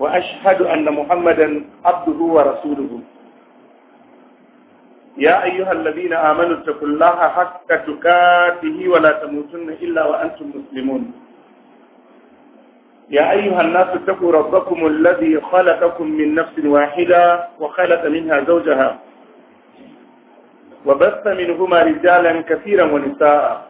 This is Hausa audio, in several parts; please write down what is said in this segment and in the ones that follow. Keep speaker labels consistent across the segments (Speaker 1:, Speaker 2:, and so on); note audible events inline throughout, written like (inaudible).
Speaker 1: وأشهد أن محمدا عبده ورسوله يا أيها الذين آمنوا اتقوا الله حق تكاته ولا تموتن إلا وأنتم مسلمون يا أيها الناس اتقوا ربكم الذي خلقكم من نفس واحدة وخلق منها زوجها وبث منهما رجالا كثيرا ونساء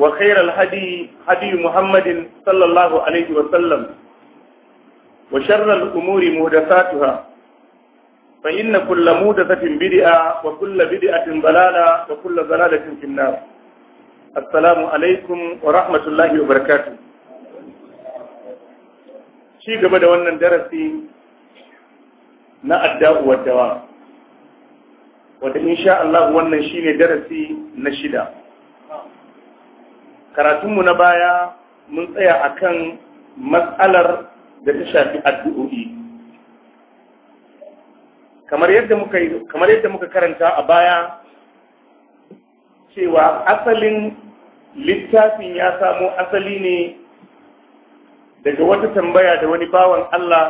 Speaker 1: وخير الهدي هدي محمد صلى الله عليه وسلم وشر الأمور مهدفاتها فإن كل مهدفة بدعة وكل بدعة ضلالة وكل ضلالة في النار السلام عليكم ورحمة الله وبركاته شيء قبل أن درسي na adda'u wa dawa wanda insha Allah wannan shine darasi na shida karatunmu na baya mun tsaya a kan matsalar da ta shafi addu'o'i kamar yadda muka karanta a baya cewa asalin littafin ya samo asali ne daga wata tambaya da wani bawan Allah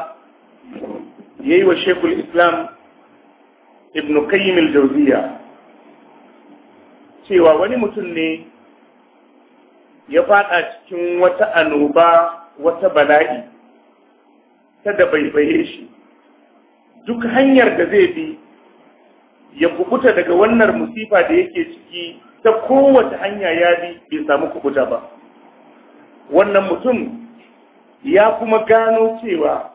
Speaker 1: ya yi wa Shekul Islam Ibn Kayyim al-Jawziya cewa wani mutum ne ya faɗa cikin wata annoba wata bala'i ta da baibaye shi duk hanyar da zai bi ya kubuta daga wannan musifa da yake ciki ta kowace hanya ya bi bai samu kubuta ba wannan mutum ya kuma gano cewa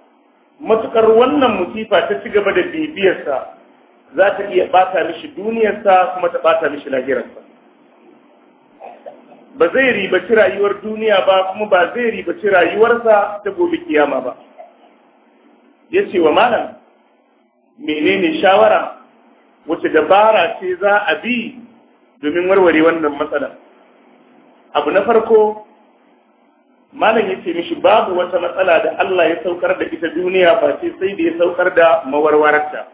Speaker 1: matukar wannan musifa ta ci gaba da bibiyarsa za ta iya bata mishi duniyarsa kuma ta bata mishi lahirarsa ba zai ribaci rayuwar duniya ba kuma ba zai ribaci rayuwarsa ta gobe kiyama ba ya ce wa malam menene shawara wace dabara ce za a bi domin warware wannan matsala abu na farko malam ya ce mishi babu wata matsala da Allah ya saukar da ita duniya ba ce sai da ya saukar da mawarwararta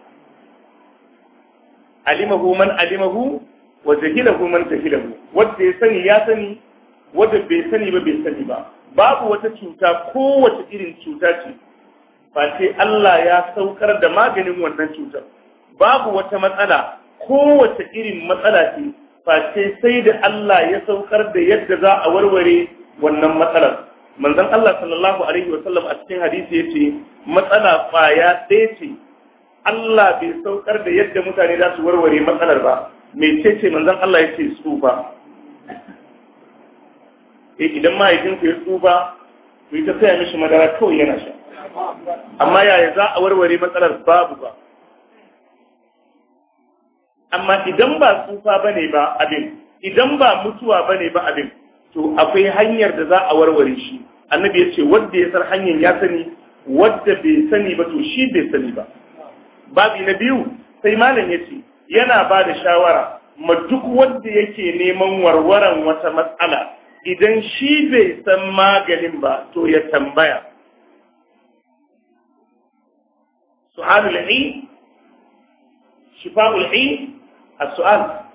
Speaker 1: alimahu man alimahu Waje jahilahu man jahilahu wanda ya sani ya sani wanda bai sani ba bai sani ba babu wata cuta kowace irin cuta ce ba sai Allah ya saukar da maganin wannan cutar babu wata matsala kowace irin matsala ce ba sai sai da Allah ya saukar da yadda za a warware wannan matsalar manzon Allah sallallahu alaihi wa sallam a cikin hadisi yace matsala kwaya ɗaya ce Allah bai saukar da yadda mutane za su warware matsalar ba mecece manzan Allah ya ce tsufa E idan mahaifinku ya tsufa yi ta saya mishi madara kawai yana sha amma yaya za a warware matsalar babu ba amma idan ba tsufa ba ne ba abin idan ba mutuwa ba ne ba abin to akwai hanyar da za a warware shi annabi ya ce wanda ya san hanyar ya sani wanda bai sani ba to shi bai sani ba babi na biyu sai malam ya ce yana ba da shawara ma duk wanda yake neman warwaran wata matsala idan shi bai san maganin ba to ya tambaya su'alul ilm shifa'ul ilm as-su'al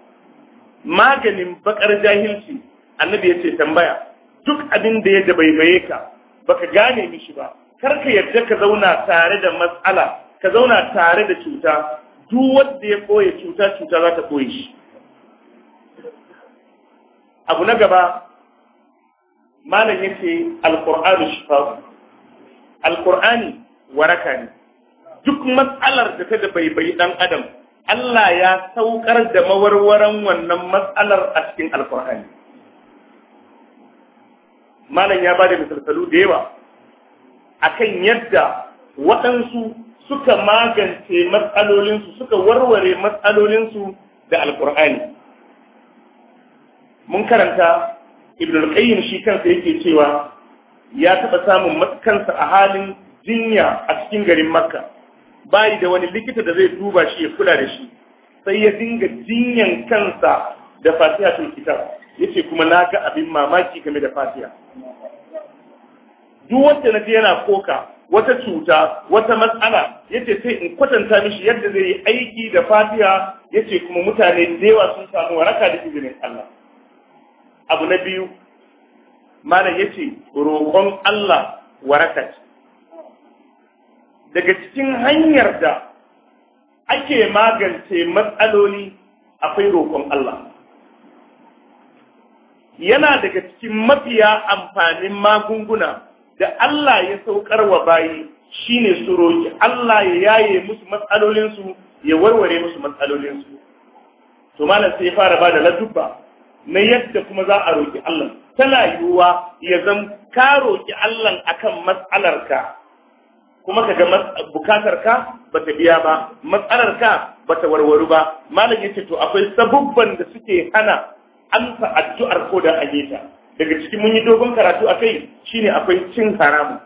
Speaker 1: maganin bakar jahilci annabi yace tambaya duk abin da ya dabaibaye ka baka gane mishi ba kar ka yarda ka zauna tare da matsala ka zauna tare da cuta duk wanda ya ɓoye cuta cuta za ta koye shi abu na gaba malam yake alqur'anu shifa alqur'ani waraka ne duk matsalar da ta da baibayi dan adam Allah ya saukar da mawarwaran wannan matsalar a cikin alqur'ani malam ya bada misalsalu da yawa akan yadda waɗansu suka magance matsalolinsu suka warware matsalolinsu da alkur'ani mun karanta ibn qayyim shi kansa yake cewa ya taɓa samun kansa a halin jinya a cikin garin makka bayi da wani likita da zai duba shi ya kula da shi sai ya dinga jinyan kansa da kita ya ce kuma na ga abin mamaki game da fatiha duk wanda na yana koka wata cuta wata matsala yace sai in kwatanta mishi yadda zai yi aiki da fatiha yace kuma mutane da yawa sun samu waraka da izinin Allah abu na biyu malam yace roƙon Allah waraka daga cikin hanyar da ake magance matsaloli akwai roƙon Allah yana daga cikin mafiya amfanin magunguna da Allah ya saukar wa bayi shine su roƙi Allah ya yaye musu matsalolinsu ya warware musu matsalolinsu to malam sai ya fara ba da ladubba na yadda kuma za a roƙi Allah tana yiwuwa ya zan ka roƙi Allah akan matsalarka kuma kaga bukatar ba ta biya ba matsalarka ba ta warwaru ba malam ce to akwai sabubban da suke hana amsa addu'ar ko da a ta daga cikin mun yi dogon karatu a kai shine akwai cin haramu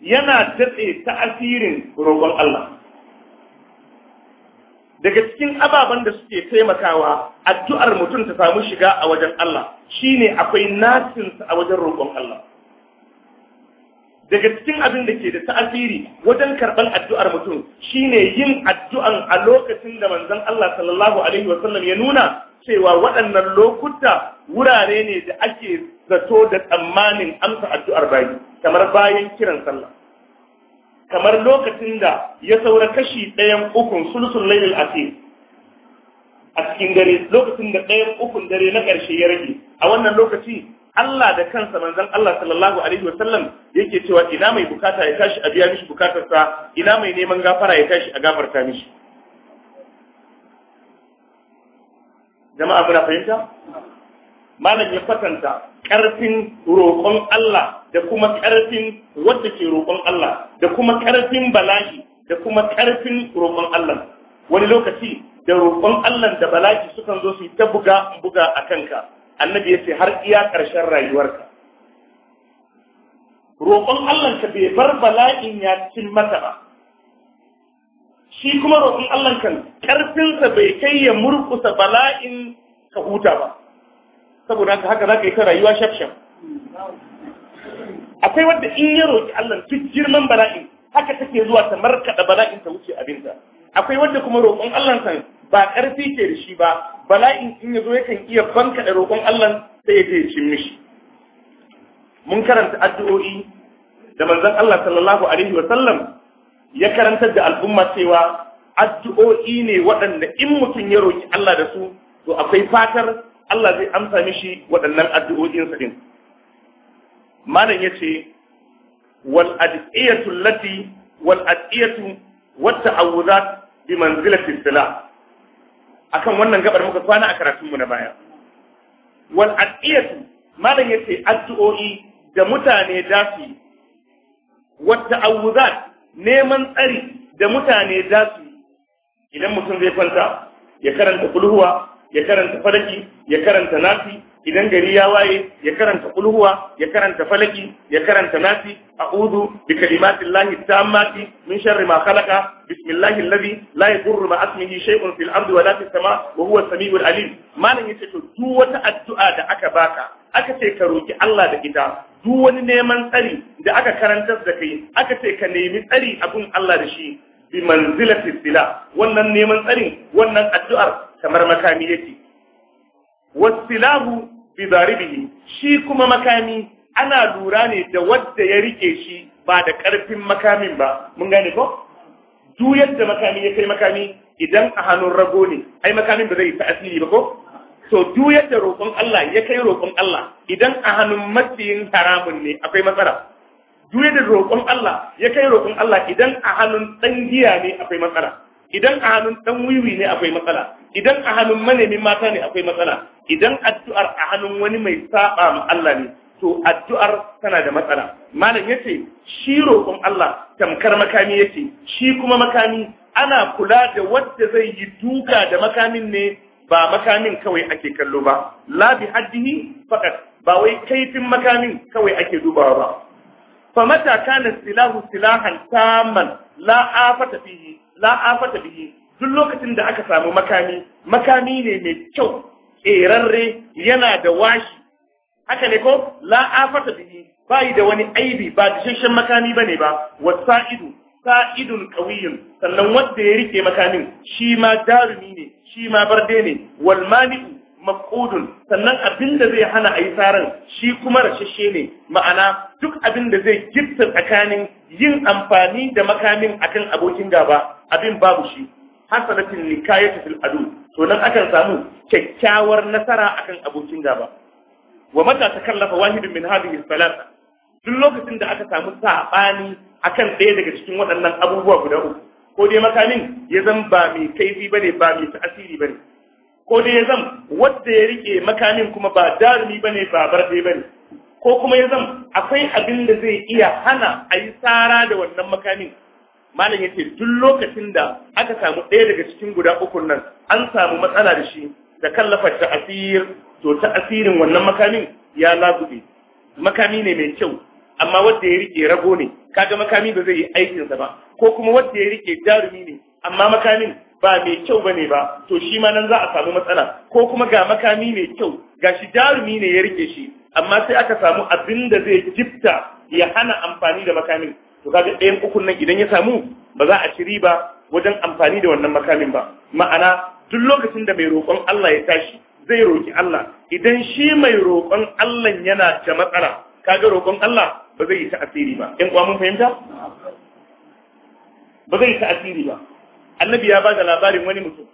Speaker 1: yana ta ta'asirin roƙon Allah daga cikin ababen da suke taimakawa addu'ar mutum ta samu shiga a wajen Allah shine akwai nasinsa a wajen roƙon Allah daga cikin abin da ke da ta'asiri wajen karɓar addu'ar mutum shine yin addu'an a lokacin da manzon Allah sallallahu alaihi wasallam ya nuna cewa waɗannan lokuta wurare ne da ake zato da tsammanin amsa addu'ar bayi kamar bayan kiran sallah kamar lokacin da ya saura kashi ɗayan ukun sulusun lailil asir a cikin dare lokacin da ɗayan ukun dare na ƙarshe ya rage a wannan lokaci Allah da kansa manzon Allah sallallahu alaihi wasallam yake cewa ina mai bukata ya tashi a biya mishi bukatarsa ina mai neman gafara ya tashi a gafarta mishi jama'a muna fahimta malam ya kwatanta ƙarfin roƙon Allah da kuma ƙarfin wadda ke roƙon Allah da kuma ƙarfin bala'i da kuma ƙarfin roƙon Allah wani lokaci da roƙon Allah da bala'i sukan zo su yi ta buga buga a kanka annabi ya ce har iya ƙarshen rayuwarka roƙon Allah ka bai bar bala'in ya cin mata ba shi kuma roƙon Allah kan ƙarfinsa bai kai ya murkusa bala'in ka huta ba saboda haka za ka yi ta rayuwa shafshaf akwai wanda in ya roƙi Allah duk girman bala'in haka take zuwa ta markaɗa bala'in ta wuce abinta akwai wadda kuma roƙon Allah kan ba ƙarfi ke da shi ba bala'in in ya zo yakan iya bankaɗa roƙon Allah sai ya je cin mishi mun karanta addu'o'i da manzon Allah sallallahu alaihi wa sallam ya karantar da al'umma cewa addu'o'i ne waɗanda in mutum ya roƙi Allah da su to akwai fatar Allah zai amsa mishi waɗannan addu'o'insa din malam yace wal adiyatu lati wal adiyatu wat ta'awudat bi manzilati salah akan wannan gabar muka kwana a karatun mu na baya wal adiyatu malam yace addu'o'i da mutane dafi wat ta'awudat neman tsari da mutane za su idan mutum zai kwanta ya karanta kulhuwa ya karanta falaki ya karanta nafi idan gari ya waye ya karanta kulhuwa ya karanta falaki ya karanta nafi a'udhu bi kalimatillahi tammati min sharri ma khalaqa bismillahi alladhi la yadurru ma ismihi shay'un fil ardi wa la fis sama wa huwa samiul alim Malam yace to duk wata addu'a da aka baka aka ce ka roki Allah da ita duk wani neman tsari da aka karantar da kai aka ce ka nemi tsari abin Allah da shi bi manzilati sila wannan neman tsarin wannan addu'ar kamar makami yake wasilahu bi daribihi shi kuma makami ana lura ne da wanda ya rike shi ba da karfin makamin ba mun gane ko duk yadda makami ya kai makami idan a hannun rago ne ai makamin ba zai ta asiri ba ko to duk yadda roƙon Allah ya kai roƙon Allah idan a hannun maciyin haramun ne akwai matsala duk yadda roƙon Allah ya kai roƙon Allah idan a hannun ɗan giya ne akwai matsala idan a hannun ɗan wiwi ne akwai matsala idan a hannun manemin mata ne akwai matsala idan addu'ar a hannun wani mai saba ma Allah ne to addu'ar tana da matsala malam yace shi roƙon Allah tamkar makami yace shi kuma makami ana kula da wanda zai yi duka da makamin ne ba makamin kawai ake kallo ba la bi haddihi faqat ba wai kaifin makamin kawai ake dubawa ba fa mata kana silahu silahan taman la afata bihi la afata bihi duk lokacin da aka samu makami makami ne mai kyau kerarre yana da washi haka ne ko la afata bihi bai da wani aibi ba dishashen makami bane ba wasa'idu sa'idun ƙawiyin sannan wanda ya rike makamin shi ma jarumi ne shi ma barde ne wal maƙudun. sannan abin da zai hana a yi tsarin shi kuma rashashe ne ma'ana duk abin da zai gifta tsakanin yin amfani da makamin akan abokin gaba abin babu shi hasanatin nikayatu fil adu to nan akan samu kyakkyawar nasara akan abokin gaba wa matasa kallafa wahidun min hadhihi salata duk lokacin da aka samu saɓani akan ɗaya daga cikin waɗannan abubuwa guda uku ko dai makamin ya zan ba mai kaifi ba ne ba mai ta'asiri ba ne. ko dai ya zan wanda ya rike makamin kuma ba darumi ne ba bar dai ba ne. ko kuma ya zan akwai abin da zai iya hana a yi tsara da wannan makamin malam yace duk lokacin da aka samu ɗaya daga cikin guda ukun nan an samu matsala da shi da kallafa ta'asir to ta'asirin wannan makamin ya lagube makami ne mai kyau amma wanda ya rike rago ne kaga makami ba zai yi aikin sa ba ko kuma wanda ya rike jarumi ne amma makamin ba mai kyau bane ba to shi ma nan za a samu matsala ko kuma ga makami mai kyau ga shi jarumi ne ya rike shi amma sai aka samu abin da zai jifta ya hana amfani da makamin to kaga ɗayan ukun nan idan ya samu ba za a shiri ba wajen amfani da wannan makamin ba ma'ana duk lokacin da mai roƙon Allah ya tashi zai roƙi Allah idan shi mai roƙon Allah yana da matsala kaga roƙon Allah ba zai yi ta'asiri ba ɗan ƙwamin fahimta ba zai yi ta'asiri ba annabi ya bada labarin wani mutum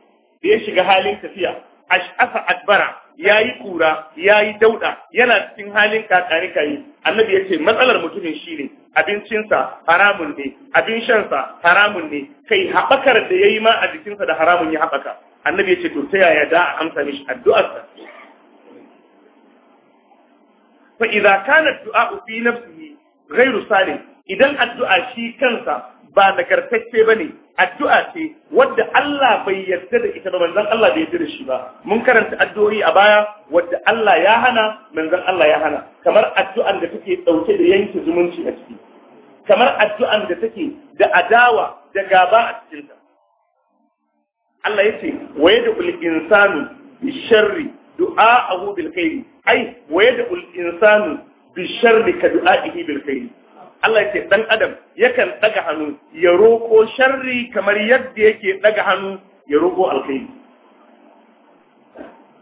Speaker 1: da ya shiga halin tafiya ash'asa adbara yi kura ya yi dauɗa, yana cikin halin kakari kayi annabi ya ce matsalar mutumin shi ne. abincinsa haramun ne abin shansa haramun ne kai haɓakar da yi ma a jikinsa da haramun ya haɓaka. annabi ya ce, to ta yaya da amsa mishi addu'arsa fa idza kana du'a fi nafsihi ghairu salih idan addu'a shi kansa ba nagartacce bane addu'a ce wadda Allah bai yarda da ita ba manzon Allah bai yarda da shi ba mun karanta addu'o'i a baya wadda Allah ya hana manzon Allah ya hana kamar addu'an da take dauke da yanke zumunci a ciki kamar addu'an da take da adawa da gaba a cikinta Allah ya ce waye da insanu bi sharri du'a'ahu bil khair ai wa yad'u al insanu bi sharri ka du'a'ihi bil khair Allah yake dan adam yakan daga hannu ya roko sharri kamar yadda yake daga hannu ya roko alkhairi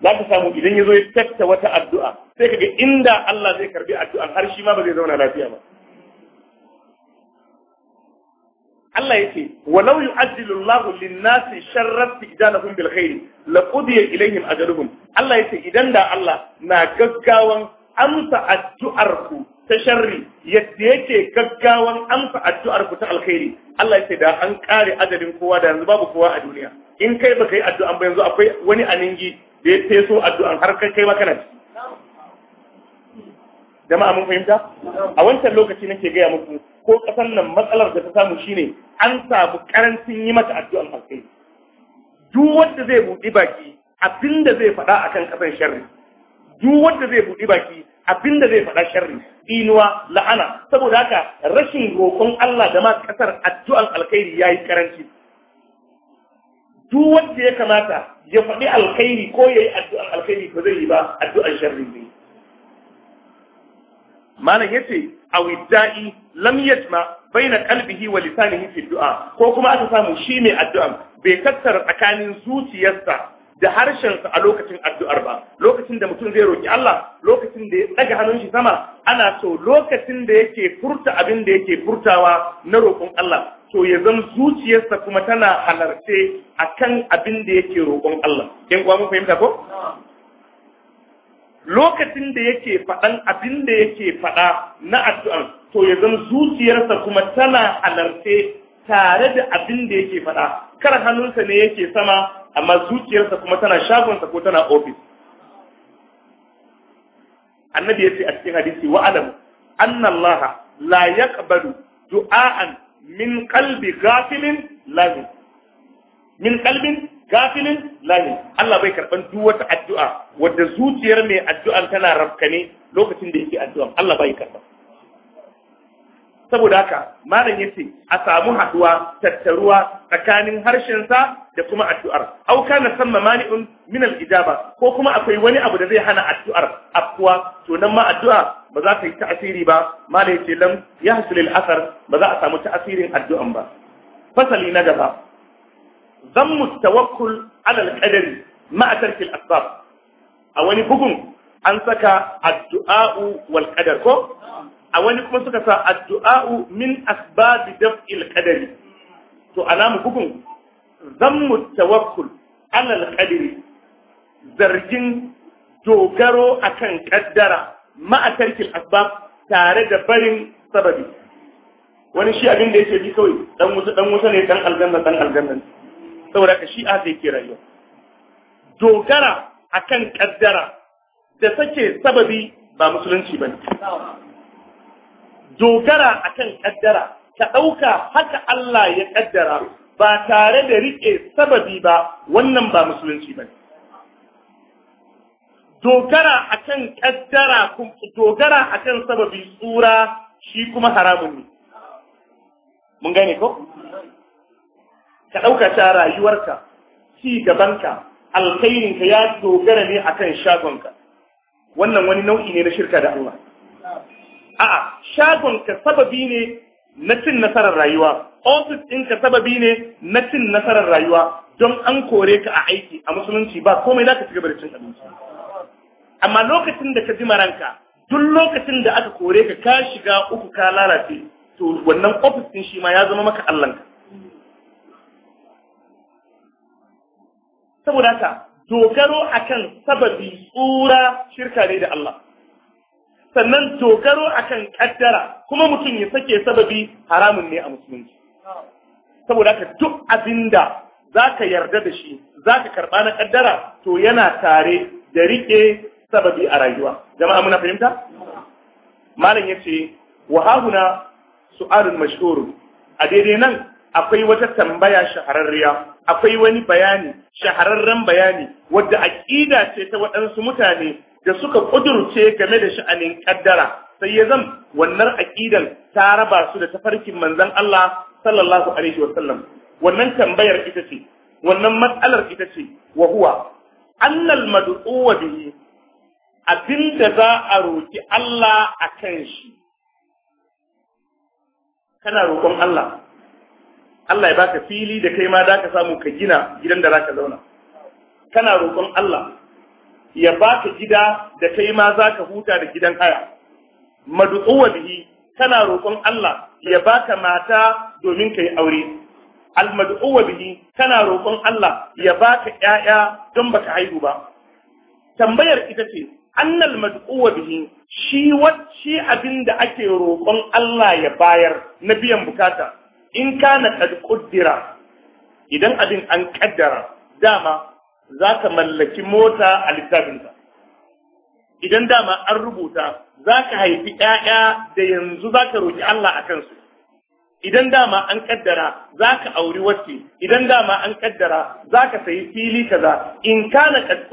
Speaker 1: za ka samu idan ya zo ya wata addu'a sai kaga inda Allah zai karbi addu'a har shi ma ba zai zauna lafiya ba Allah yake walau yu'ajjilu Allahu lin-nasi sharra fi idanahum bil khair la ilayhim ajaluhum Allah ya ce idan da Allah na gaggawan amsa addu'ar ku ta sharri yadda yake gaggawan amsa addu'ar ku ta alkhairi Allah ya ce da an kare adadin kowa da yanzu babu kowa a duniya in kai baka yi addu'an ba yanzu akwai wani aningi da ya feso addu'an har kai kai maka naci jama'a mun fahimta a wancan lokaci nake gaya muku ko kasan nan matsalar da ta samu shine an samu karancin yi mata addu'an alkhairi duk wanda zai buɗi baki abinda zai faɗa akan ƙasar sharri duk wanda zai buɗi baki abinda zai faɗa sharri inuwa la'ana saboda haka rashin roƙon Allah da ma ƙasar addu'an alkhairi yayi karanci duk wanda ya kamata ya faɗi alkhairi ko yayi addu'an alkhairi ba zai yi ba addu'an sharri ne malam yace awidda'i lam yajma baina qalbihi wa lisanihi fi du'a ko kuma aka samu shi mai addu'a bai tattara tsakanin zuciyarsa da harshensa a lokacin addu'ar ba lokacin da mutum zai roki Allah lokacin da ya daga hannun shi sama ana so lokacin da yake furta abin da yake furtawa na roƙon Allah to ya zama zuciyarsa kuma tana halarce kan abin da yake roƙon Allah ‘Yan kuwa mun fahimta ko lokacin da yake faɗan abin da yake faɗa na addu'ar, to ya zama zuciyarsa kuma tana halarce tare da abin da yake faɗa kar hannunsa ne yake sama amma zuciyarsa kuma tana shagonsa ko tana ofis annabi ya ce a cikin hadisi wa Annallaha, anna allaha la yaqbalu du'aan min qalbi ghafilin lahin min qalbin gafilin lahin Allah bai karban duk wata addu'a wadda zuciyar mai addu'an tana rafkane lokacin da yake addu'an Allah bai karba saboda haka malam yace a samu haduwa tattaruwa tsakanin harshen sa da kuma addu'ar au kana samma mani'un min al-ijaba ko kuma akwai wani abu da zai hana addu'ar afkuwa to nan ma addu'a ba za ta yi ta'asiri ba malam yace lam yahsul al-athar ba za a samu ta'asirin addu'an ba fasali na gaba zammu tawakkul ala al-qadari ma tarkil asbab a wani bugun an saka addu'a wal qadar ko a wani kuma suka sa addu'a'u min asbabi daf'il qadari to alamu zan zammu tawakkul ala alqadari zargin dogaro akan kaddara ma'a tarkil asbab tare da barin sababi wani shi abin da yake bi kawai dan wuta dan wuta ne dan aljanna dan aljanna saboda ka shi a zai ke rayuwa dogara akan kaddara da sake sababi ba musulunci bane dogara a kan ƙaddara, ka ɗauka haka Allah ya ƙaddara, ba tare da riƙe sababi ba wannan ba musulunci ba dogara kan kaddara dogara kan sababi tsura shi kuma haramun ne mun gane ko ka ɗauka ta rayuwarka ci gabanka alkhairinka ya dogara ne a kan shagonka wannan wani nau'i ne na shirka da Allah a'a shagon ka sababi ne na cin nasarar rayuwa ofis ɗinka sababi ne na cin nasarar rayuwa don an kore ka a aiki a musulunci ba komai za ka ci gaba da cin abinci amma lokacin da ka ji maranka duk lokacin da aka kore ka ka shiga uku ka lalace to wannan ofis ɗin shi ma ya zama maka allanka saboda haka dogaro akan sababi tsura shirka ne da Allah sannan dogaro kan kaddara kuma mutum ya sake sababi haramun ne a musulunci saboda haka duk abinda zaka yarda da shi zaka karɓa na kaddara to yana tare da riƙe sababi a rayuwa jama'a muna fahimta malam yace wa hahuna su'alun Mashoro? a daidai nan akwai wata tambaya shahararriya akwai wani bayani shahararren bayani wadda aƙida ce ta waɗansu mutane da suka kudurce game da sha'anin kaddara sai ya zan wannan aqidan ta raba su da tafarkin manzon Allah sallallahu alaihi wasallam wannan tambayar ita ce wannan matsalar ita ce wa huwa annal wa bihi abinda za a roki Allah akan shi kana roƙon Allah Allah ya baka fili da kai ma da ka samu ka gina gidan da za ka zauna kana roƙon Allah ya baka gida da kai ma za ka huta da gidan haya madu'uwa bihi kana roƙon Allah ya baka mata domin ka yi aure almadu'uwa bihi kana roƙon Allah ya baka 'ya'ya don baka haihu ba tambayar ita ce annal mad'uwa bihi shi wacce abin da ake roƙon Allah ya bayar na biyan bukata in kana kad idan abin an kaddara dama za ka mallaki mota a littafinsa idan dama an rubuta za ka haifi ‘ya'ya da yanzu za ka roƙi Allah a kansu idan dama an kaddara za ka auri wacce idan dama an kaddara za ka sayi fili kaza in kana kad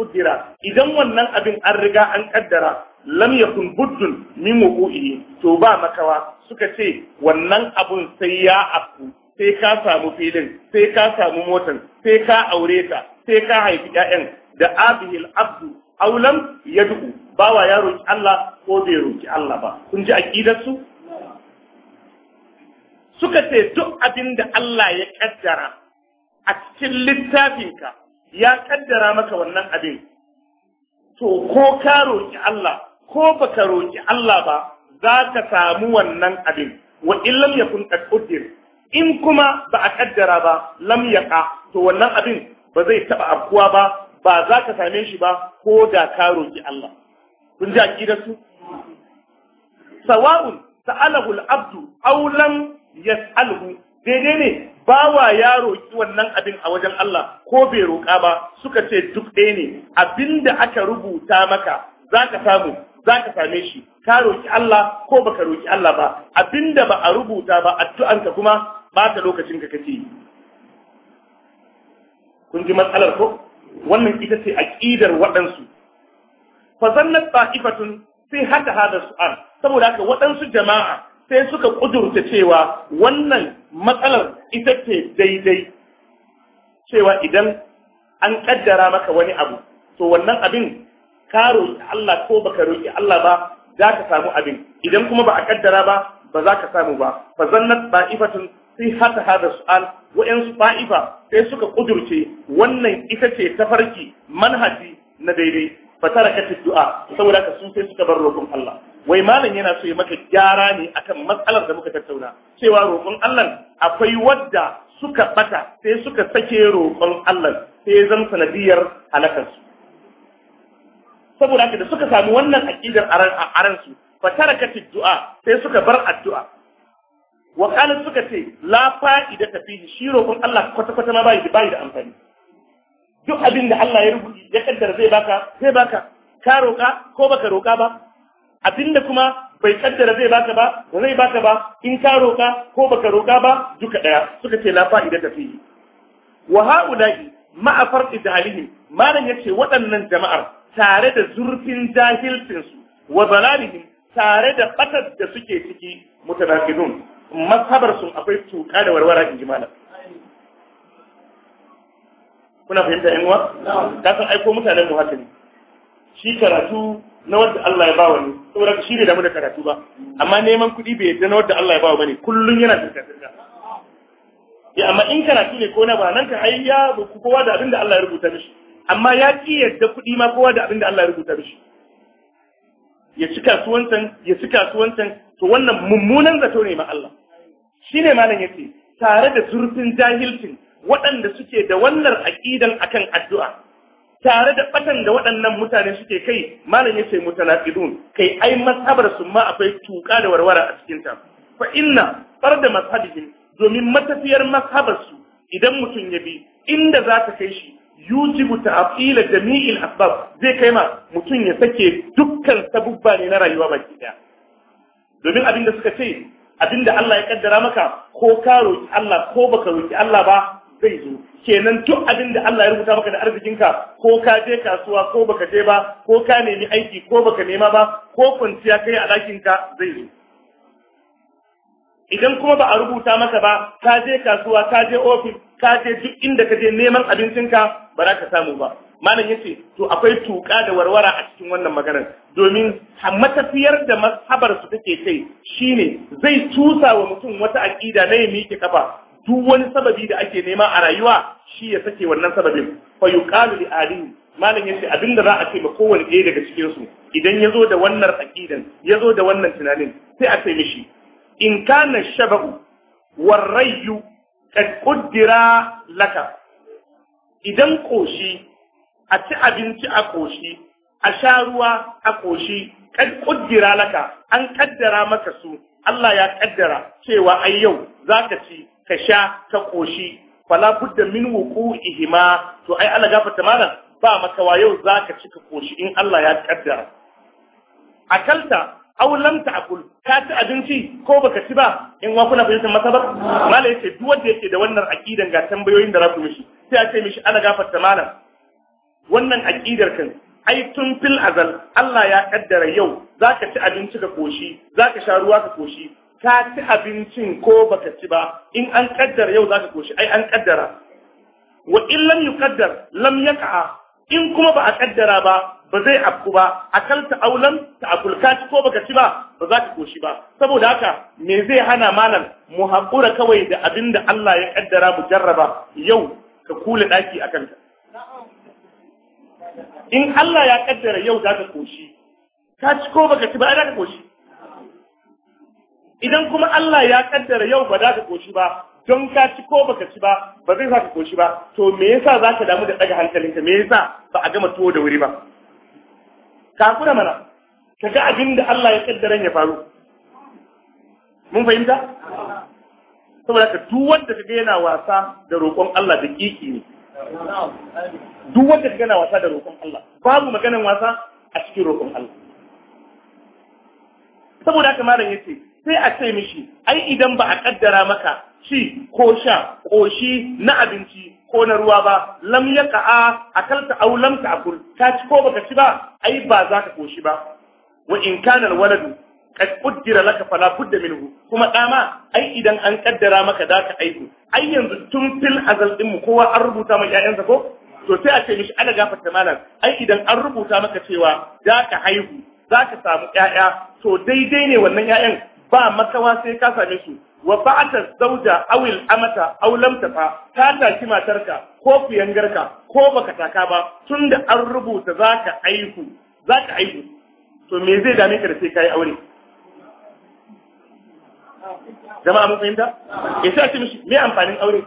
Speaker 1: idan wannan abin an riga an kaddara lam yakun buddun min wuqu'i to ba makawa suka ce wannan abun sai ya afu sai ka samu filin sai ka samu motan sai ka aure ta sai ka haifi 'ya'yan. da abihil abdu aulam yad'u bawa ya roƙi Allah ko bai roki Allah ba kun ji aqidar su suka ce duk abin da Allah ya kaddara a cikin littafinka ya ƙaddara maka wannan abin to ko ka roƙi Allah ko baka roƙi Allah ba za ka samu wannan abin wa illam yakun taqdir in kuma ba a kaddara ba lam yaqa to wannan abin ba zai taba afkuwa ba ba za ka same shi ba ko da ka roki Allah kun ji akidar su sawa'un sa'alahu al-abdu aw lam yas'alhu daidai ne bawa ya roki wannan abin a wajen Allah ko bai roka ba suka ce duk ɗaya ne abinda aka rubuta maka zaka samu za ka same shi ka roki Allah ko baka roki Allah ba abinda ba a rubuta ba addu'anka kuma ba ta lokacin ka kace kun ji matsalar ko wannan ita ce aqidar waɗansu fa zannat ta'ifatun sai hada hada su'al saboda haka waɗansu jama'a sai suka kudurta cewa wannan matsalar ita ce daidai cewa idan an kaddara maka wani abu to wannan abin ka roƙi Allah ko baka roƙi Allah ba za ka samu abin idan kuma ba a kaddara ba ba za ka samu ba fa zannat ba'ifatun sai hata hada su'al wa'yansu ba'ifa sai suka kudurce wannan ita ce tafarki manhaji na daidai fa taraka du'a saboda ka sun sai suka bar roƙon Allah wai malam yana so ya maka gyara ne akan matsalar da muka tattauna cewa roƙon Allah akwai wadda suka bata sai suka sake roƙon Allah sai zan sanadiyar halakarsu saboda haka da suka samu wannan aqidar aran su fa tarakatu du'a sai suka bar addu'a wa suka ce la fa'idata fihi shi roƙon Allah kwata kwata ma bai bai da amfani duk abin da Allah ya rubuta ya kaddara zai baka zai baka ka roƙa ko baka roƙa ba abinda kuma bai kaddara zai baka ba ba zai baka ba in ka roƙa ko baka roƙa ba duka daya suka ce la fa'idata fihi wa ha'ula'i ma'a farqi jahalihim malan yace waɗannan jama'ar tare da zurfin jahilcinsu wa zalalihim tare da batar da suke ciki mutanaqidun
Speaker 2: mazhabar
Speaker 1: sun akwai tuka da warwara in ji malam kuna fahimta yan uwa ka san aiko mutanen mu haka ne shi karatu na wanda Allah ya ba wani saboda shi bai damu da karatu ba amma neman kuɗi bai yadda na wanda Allah ya ba bane kullun yana tunka ya amma in karatu ne ko na ba nan ka ba ku kowa da abin da Allah ya rubuta mishi amma ya ki yadda kuɗi ma kowa da abin da Allah ya rubuta mishi ya ci kasuwancan ya ci kasuwancan to wannan mummunan zato ne ma Allah Shi ne malam ya ce tare da zurfin jahilcin waɗanda suke da wannan aƙidan akan addu'a tare da ɓatan da waɗannan mutane suke kai malam ya ce yace ƙidun, kai ai masabar su ma akwai tuka da warwara a cikin ta fa inna da masabihin domin matafiyar mashabar su idan mutum ya bi inda za ta kai shi yujibu ta'ila jami'il asbab zai kai ma mutum ya sake dukkan sabubba ne na rayuwa baki daya domin abin da suka ce abin da Allah ya kaddara maka ko ka roki Allah ko baka roki Allah ba zai zo kenan duk abin da Allah ya rubuta maka da ka ko ka je kasuwa ko baka je ba ko ka nemi aiki ko baka nema ba ko kwanciya kai a ka zai zo idan kuma ba a rubuta masa ba ka je kasuwa ka je ofis ka je duk inda ka je neman abincinka ba za ka samu ba malam yace to akwai tuka da warwara a cikin wannan maganar domin matafiyar da mashabar su take kai shine zai tusa wa mutum wata aƙida na ya miƙe kafa duk wani sababi da ake nema a rayuwa shi ya sake wannan sababin fa yuqalu li alihi malam yace abin da za a ce ma kowane ɗaya daga cikin su idan ya zo da wannan aƙidan, ya zo da wannan tunanin sai a ce mishi in kana shaba'u warrayyu kad kuddira laka idan koshi a ci abinci a koshi a sha ruwa a koshi kad kuddira laka an kaddara maka su Allah ya kaddara cewa ai yau zaka ci ka sha ka koshi fala budda min wuqu'ihima to ai Allah gafarta malam ba makawa yau zaka ci ka koshi in Allah ya kaddara akalta aw lam ta'kul ka ci abinci ko baka ci ba in wa kuna fahimtar masabar mala yace duk wanda yake da wannan aqidan ga tambayoyin da za ku mishi sai a ce mishi ana gafarta malam wannan aqidar kan ai tun fil azal Allah ya kaddara yau zaka ci abinci ka koshi zaka sha ruwa ka koshi ka ci abincin ko baka ci ba in an kaddara yau zaka koshi ai an kaddara wa in lam yuqaddar lam yaqa in kuma ba a kaddara ba ba zai afku ba akalta aulan ta akulka ci ko baka ci ba ba za ka koshi ba saboda haka me zai hana malam mu haƙura kawai da abin da Allah ya kaddara mu jarraba yau ka kula daki akan kanta? in Allah ya kaddara yau za ka koshi ka ci ko baka ci ba za ka koshi idan kuma Allah ya kaddara yau ba za ka koshi ba don ka ci ko baka ci ba ba zai sa ka koshi ba to me yasa za ka damu da daga hankalinka me yasa ba a gama tuwo da wuri ba kafura mana ka ga abin da Allah ya kaddaran ya faru mun fahimta saboda ka duk wanda kaga yana wasa da roƙon Allah da kiki ne duk wanda kaga yana wasa da roƙon Allah babu maganan wasa a cikin roƙon Allah saboda haka malam yace sai a ce mishi ai idan ba a kaddara maka ci ko sha ko shi na abinci ko na ruwa ba lam ya ka'a akalta aw lam ta'kul ka ci ko baka ci ba ai ba za ka koshi ba wa in kana waladu kad kuddira laka fala budda minhu kuma dama ai idan an kaddara maka za ka aiku ai yanzu tun fil azal din mu kowa an rubuta ma 'ya'yansa ko to sai a ce mishi ana gafarta malam ai idan an rubuta maka cewa za ka haihu za ka samu 'ya'ya. to daidai ne wannan 'ya'yan, ba makawa sai ka same su wa ba'ata zauja aw al amata aw lam tafa ta taki matarka ko kuyangarka ko baka taka ba tunda an rubuta zaka aihu zaka aihu to me zai dame ka da sai kai aure jama'a mun fahimta yasa ce mishi me amfanin aure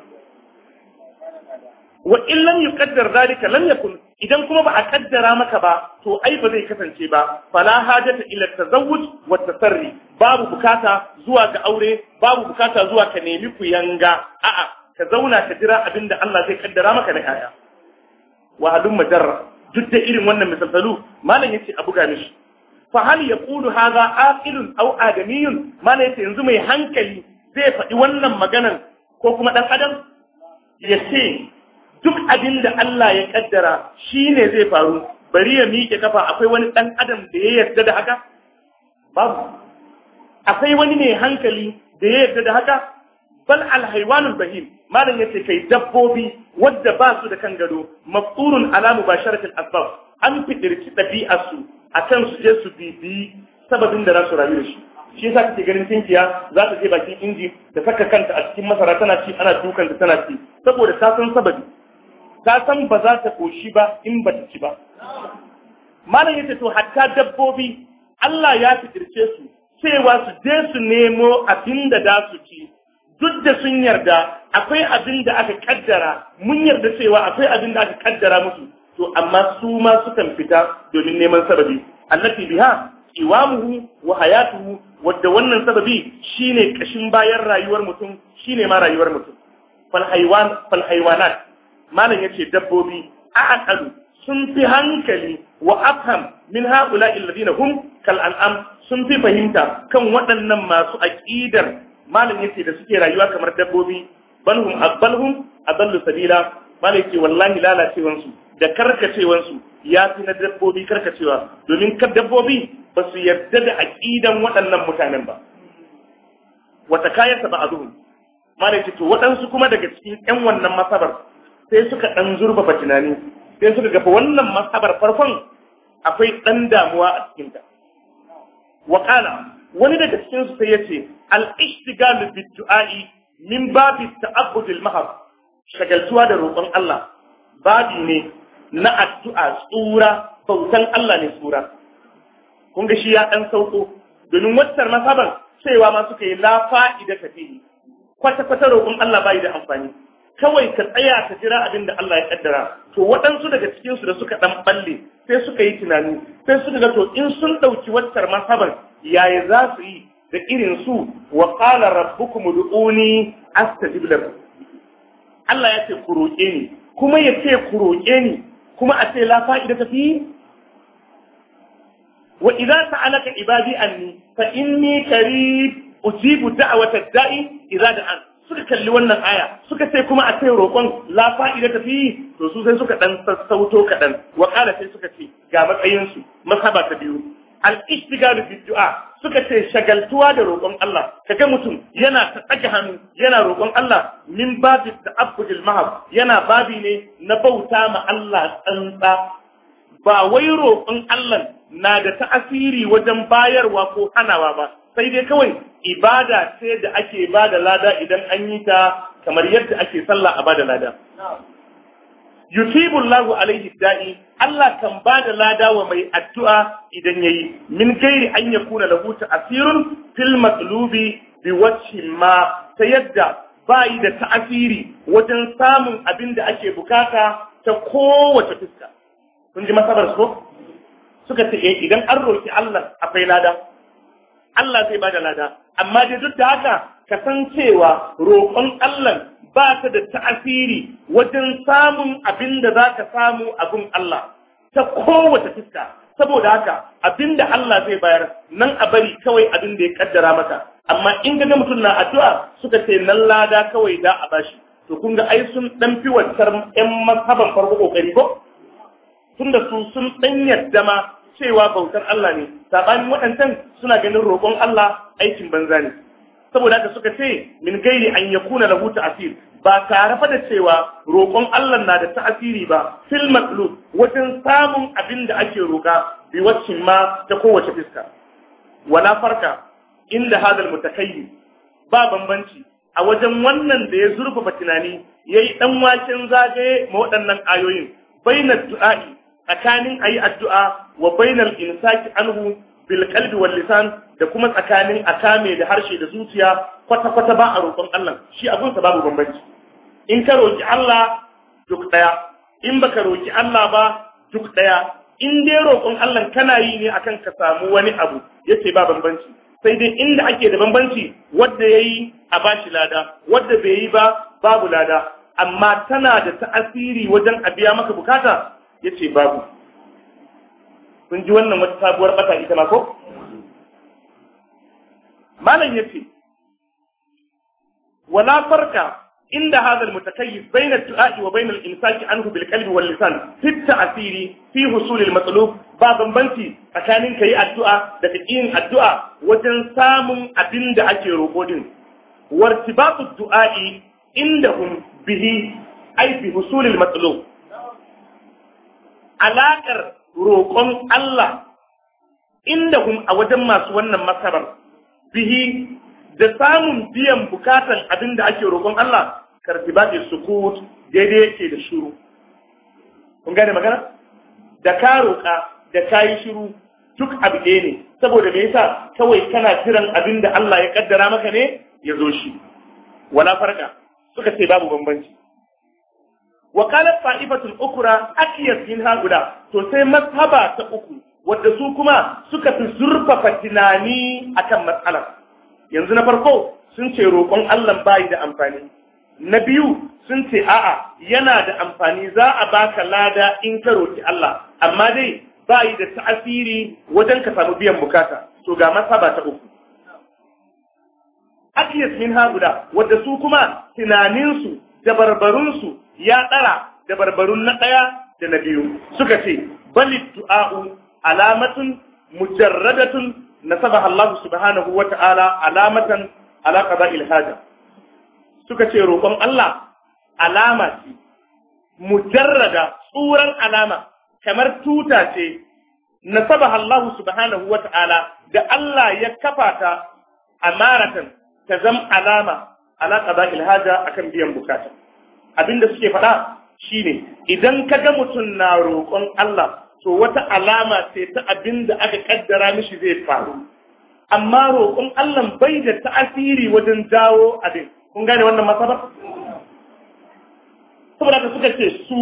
Speaker 1: wa in lam ka zalika lam yakun idan kuma ba a kaddara maka ba to ai ba zai kasance ba fala hajata ila tazawwuj wa tasarri babu bukata zuwa ga aure babu bukata zuwa ka nemi ku yanga a'a ka zauna ka jira abinda Allah zai kaddara maka na yaya wa halum majarra duk da irin wannan misalsalu malam yace a buga mishi fa hal yaqulu hadha aqilun aw adamiyun malam yace yanzu mai hankali zai faɗi wannan maganan ko kuma dan adam yace duk abin da Allah ya kaddara shi ne zai faru bari ya miƙe kafa akwai wani ɗan adam da ya yarda da haka babu akwai wani mai hankali da ya yarda da haka bal alhaiwanul bahim malam yace kai dabbobi wadda ba su da kan gado mafturun ala mubasharatil asbab an fitirci ɗabi'arsu akan su je su bibi sababin da rasu rayu da shi shi yasa kake ganin tinkiya za ta je bakin inji da saka kanta a cikin masara tana ci ana dukan ta tana ci saboda ta san sababi ta san ba za ta koshi ba in ba ta ci ba malam yace to hatta dabbobi Allah ya fi fitirce su cewa su je su nemo abin da za su ci duk da sun yarda akwai abin da aka kaddara mun yarda cewa akwai abin da aka kaddara musu to amma su ma sukan fita domin neman sababi allati biha iwamuhu wa hayatuhu wadda wannan sababi shine ƙashin bayan rayuwar mutum shine ma rayuwar mutum fal malam yace dabbobi aqalu sun fi hankali wa afham min haula alladhina hum kal al'am sun fi fahimta kan waɗannan masu aƙidar. malam ce da suke rayuwa kamar dabbobi balhum a adallu sabila malam ce wallahi lalacewan da karkacewansu ya fi na dabbobi karkacewa domin kar dabbobi ba su yarda da aƙidan waɗannan mutanen ba wata kayarsa ba a malam ce to waɗansu kuma daga cikin yan wannan masabar sai suka ɗan zurfafa tunani sai suka gafa wannan masabar farkon akwai ɗan damuwa a cikinta. Wakana wani daga cikinsu sai ya ce al bitu'ai bi min babi ta'abbudil mahab shagaltuwa da roƙon Allah babi ne na addu'a tsura bautan Allah ne tsura kun ga shi ya ɗan sauko domin waccar masabar cewa ma suka yi la fa'ida tafihi kwata kwata roƙon Allah bai da amfani kawai ka tsaya ka jira abin da Allah ya kaddara to waɗansu daga cikinsu da suka ɗan balle sai suka yi tunani sai suka ga to in sun ɗauki wattar masabar yaya za su yi da irin su wa qala rabbukum ud'uni astajib lakum Allah ya ce ku roƙe ni kuma ya ce ku roƙe ni kuma a ce la fa'ida ta fi wa idza sa'alaka ibadi anni fa inni qarib ujibu da'wata da'i idza da'an suka kalli wannan aya suka sai kuma a sai roƙon la fa'ida tafi to su sai suka dan sassauto kaɗan wa ƙara sai suka ce ga matsayinsu masaba ta biyu al-ishtigalu bi du'a suka ce shagaltuwa da roƙon Allah kaga mutum yana ta tsaka hannu yana roƙon Allah min babi da abdul mahab yana babi ne na bauta ma Allah tsantsa ba wai roƙon Allah na da ta'asiri wajen bayarwa ko hanawa ba sai dai kawai ibada ce da ake ba lada idan an yi ta kamar yadda ake sallah a bada lada. yutibullahu lagu alaihi da'i, Allah kan ba da lada wa mai addu'a idan ya yi, min gairi an ya kuna lahuta asirun fil matsulubi bi wacce ma ta yadda bayi da ta'asiri wajen samun abin da ake bukata ta kowace fuska. Kun ji masabar so? Suka ce, eh, idan an roki Allah akwai lada. Allah zai bada lada amma dai duk da haka ka san cewa roƙon Allah ba ta da ta'asiri wajen samun abin da za ka samu abin Allah ta kowace fuska saboda haka abin da Allah zai bayar nan a bari kawai abin da ya kaddara maka amma in ga mutum na addu'a suka ce nan lada kawai da a bashi to kun ga ai sun dan fi wancar yan masaban farko kokari ko tunda su sun ɗan yadda ma cewa bautar Allah ne saɓanin waɗancan suna ganin roƙon Allah aikin banza ne saboda haka suka ce min gairi an yakuna lahu ta'sir ba tare fa da cewa roƙon Allah na da ta'asiri ba fil maqlub wajen samun abin da ake roƙa bi wacce ma ta kowace fiska wala farka inda hadal mutakayyi ba bambanci a wajen wannan da ya zurfafa tunani yayi dan waken zagaye ma waɗannan ayoyin na du'a'i tsakanin a yi addu'a wa bainal insaki anhu bil qalbi wal lisan da kuma tsakanin a kame da harshe da zuciya kwata kwata ba a roƙon Allah shi abun sa babu bambanci in ka roƙi Allah duk daya in baka roki Allah ba duk daya in dai roƙon Allah kana yi ne akan ka samu wani abu yace ba bambanci sai dai inda ake da bambanci wadda yayi a bashi lada wadda bai yi ba babu lada amma tana da ta'asiri wajen a biya maka bukata ya ce babu sun ji wannan wata sabuwar bata ita ma ko malam ya ce wala farka inda hazal mu bayna ad-du'a wa bayna al-imsaki anhu bil qalbi wal lisan fi ta'thiri fi husul al-matlub ba bambanci tsakanin kai addu'a da yin addu'a wajen samun abinda ake roƙo din wartibatu du'a'i indahum bihi ay bi husul al-matlub alaƙar roƙon Allah inda kun a wajen masu wannan masarar bihi da samun biyan bukatan abin da ake roƙon Allah kartibati sukut daidai yake da shiru kun gane magana da ka roƙa da ka yi shiru duk abu ɗaya ne saboda me yasa kawai kana kiran abin da Allah ya ƙaddara maka ne ya zo shi wala farka suka ce babu bambanci wa qalat fa'ifatul ukra akiyas min haguda to sai mazhaba ta uku wadda su kuma suka fi zurfafa tunani akan matsalar yanzu na farko sun ce roƙon Allah bai da amfani na biyu sun ce a'a yana da amfani za a baka lada in ka roki Allah amma dai bai da ta'asiri wajen ka samu biyan bukata to ga masaba ta uku akiyas min haguda wadda su kuma tunaninsu dabarbarunsu ya tsara da barbarun na ɗaya da na biyu suka ce bali du'a'u alamatun mujarradatun saba Allah subhanahu wa ta'ala alamatan ala qada'il haja suka ce roƙon Allah alama ce mujarrada tsuran alama kamar tuta ce saba Allah subhanahu wa ta'ala da Allah ya kafa ta amaratan ta zam alama ala qada'il haja akan biyan bukata abinda suke faɗa shine idan ka ga mutum na roƙon Allah to wata alama sai ta abinda aka kaddara mishi zai faru amma roƙon Allah bai da ta'asiri wajen jawo abin kun gane wannan masaba saboda ka suka ce su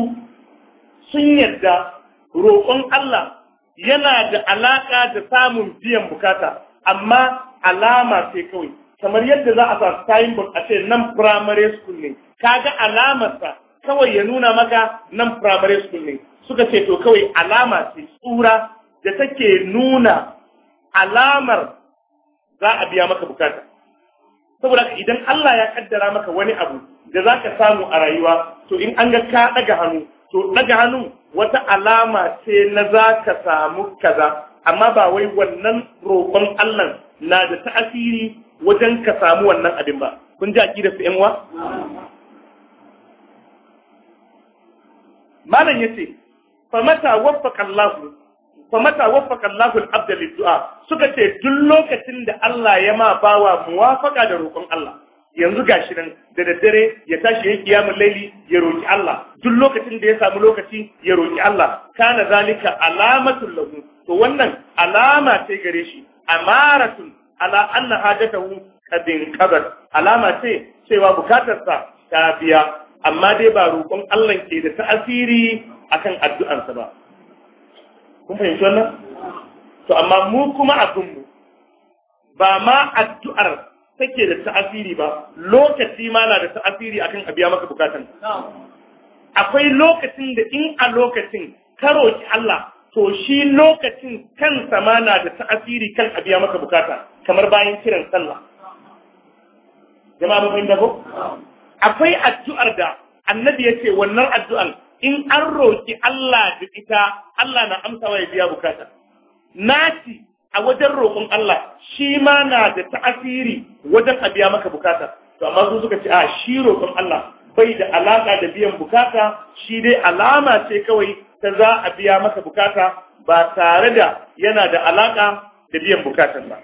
Speaker 1: sun yadda roƙon Allah yana da alaƙa da samun biyan bukata amma alama sai kawai kamar yadda za a sa board a ce nan primary school ne kaga alamarsa kawai ya nuna maka nan primary school ne suka ce to kawai alama ce tsura da take nuna alamar za a biya maka bukata saboda idan Allah ya kaddara maka wani abu da za ka samu a rayuwa to in an ga ka ɗaga hannu to ɗaga hannu wata alama ce na za ka samu kaza amma ba wai wannan roƙon Allah na da ta'asiri wajen ka samu wannan abin ba kun ji akidar su yan wa malam yace fa mata waffaqa Allah fa mata waffaqa Allah al-abd lid-du'a suka ce duk lokacin da Allah ya ma bawa muwafaka da roƙon Allah yanzu gashi nan da daddare ya tashi ya kiyamun laili ya roki Allah duk lokacin da ya samu lokaci ya roki Allah kana zalika alamatul lahu to wannan alama ce gare shi amaratun ala anna hajatahu kadin qadar alama ce cewa bukatarsa ta biya amma dai ba roƙon Allah ke da ta'asiri akan addu'ansa ba kun fahimci wannan to amma mu kuma abinmu ba ma addu'ar take da ta'asiri ba lokaci ma na da ta'asiri akan a biya maka bukatan akwai lokacin da in a lokacin ka roƙi Allah to shi lokacin kansa ma na da ta'asiri kan a biya maka bukata kamar bayan kiran sallah jama'a mun fahimta ko akwai addu'ar da annabi ya ce wannan addu'ar in an roƙi Allah da ita Allah na amsawa ya biya bukata naci a wajen roƙon Allah shi ma na da ta'asiri wajen a biya maka bukata to amma su suka ce a shi roƙon Allah bai da alaƙa da biyan bukata shi dai alama ce kawai ta za a biya maka bukata ba tare da yana da alaƙa da biyan bukatan ba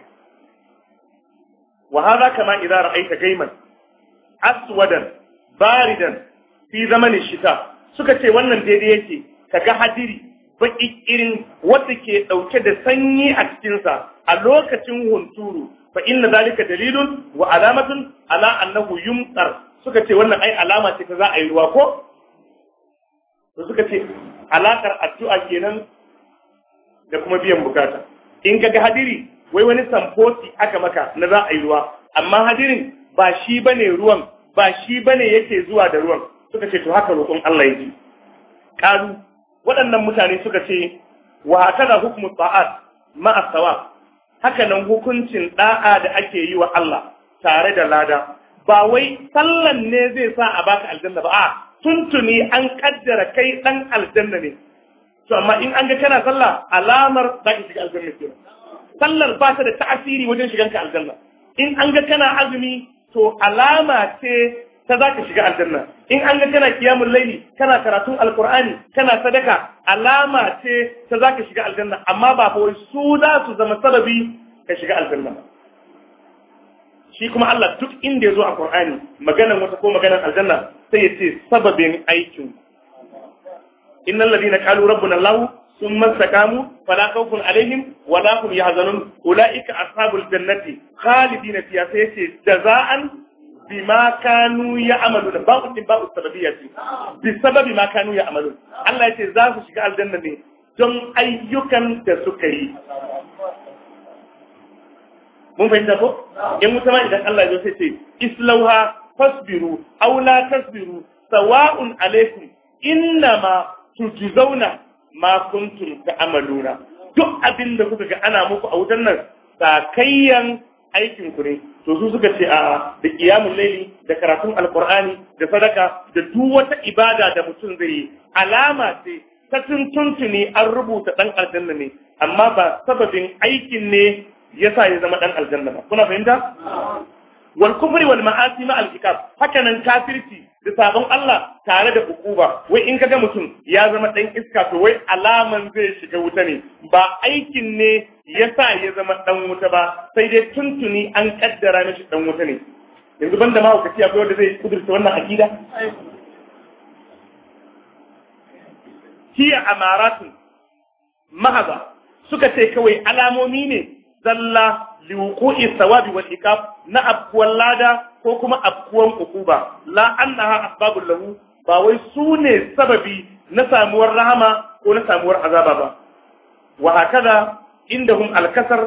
Speaker 1: wa hada kama idza ra'aita gaiman aswadan baridan fi zamanin shita suka ce wannan daidai yake ka ga hadiri ba irin wanda ke ɗauke da sanyi a cikinsa a lokacin hunturu fa inna zalika dalilun wa alamatun ala annahu yumtar suka ce wannan ai alama ce ta za a yi ruwa ko suka ce alakar addu'a kenan da kuma biyan bukata in ka ga hadiri wai wani samfoti aka maka na za a yi ruwa amma hadirin ba shi bane ruwan ba shi ba bane yake zuwa da ruwan suka ce to haka roƙon Allah yake kalu waɗannan mutane suka ce wa hakaza hukmu ta'at ma as haka nan hukuncin da'a da ake yi wa Allah tare da lada ba wai sallan ne zai sa a baka aljanna ba a tuntuni an kaddara kai dan aljanna ne to amma in an ga kana sallah alamar za ka shiga aljanna kenan sallar ba ta da ta'asiri wajen ka aljanna in an ga kana azumi to alama ce ta za ka shiga aljanna in an ga kana kiyamun laili kana karatun alkur'ani kana sadaka alama ce ta za ka shiga aljanna amma ba fa wai su za su zama sababi ka shiga aljanna shi kuma Allah duk inda ya zo a Qur'ani maganan wata ko maganan aljanna sai ya ce sababin aikin innal ladina qalu rabbuna Allah sun masaka mu fala khawfun alaihim wala hum yahzanun ulaika ashabul jannati khalidina fiha sayati jazaan bima kanu ya'maluna ba'd min ba'd sababiyati bi sababi ma kanu ya'malun Allah yace za shiga aljanna ne don ayyukan da suka yi mun fahimta ko in mutum ma idan Allah ya ce islauha fasbiru aula la tasbiru sawa'un alaikum innama zauna. ma kuntum ta'maluna duk abin da kuka ga ana muku a wutar nan sakayyan aikin ku ne to su suka ce a da qiyamul layli da karatun alqur'ani da sadaka da duk wata ibada da mutum zai yi alama ce ta tuntuntuni an rubuta dan aljanna ne amma ba sababin aikin ne yasa ya zama dan aljanna ba kuna fahimta wal kufri wal ma'asi ma al ikab haka nan da sabon Allah tare da hukuma wai in kaga mutum ya zama dan iska to wai alaman zai shiga wuta ne ba aikin ne yasa ya zama dan wuta ba sai dai tuntuni an kaddara mishi dan wuta ne yanzu banda ma hukaci akwai wanda zai kudurta wannan akida hiya amaratun mahaba suka ce kawai alamomi ne zalla liwuqu'i thawabi wal iqab na abkuwan lada ko kuma abkuwan ukuba la annaha asbabul lahu ba wai su ne sababi na samuwar rahama ko na samuwar azaba ba wa hakaza indahum alkasar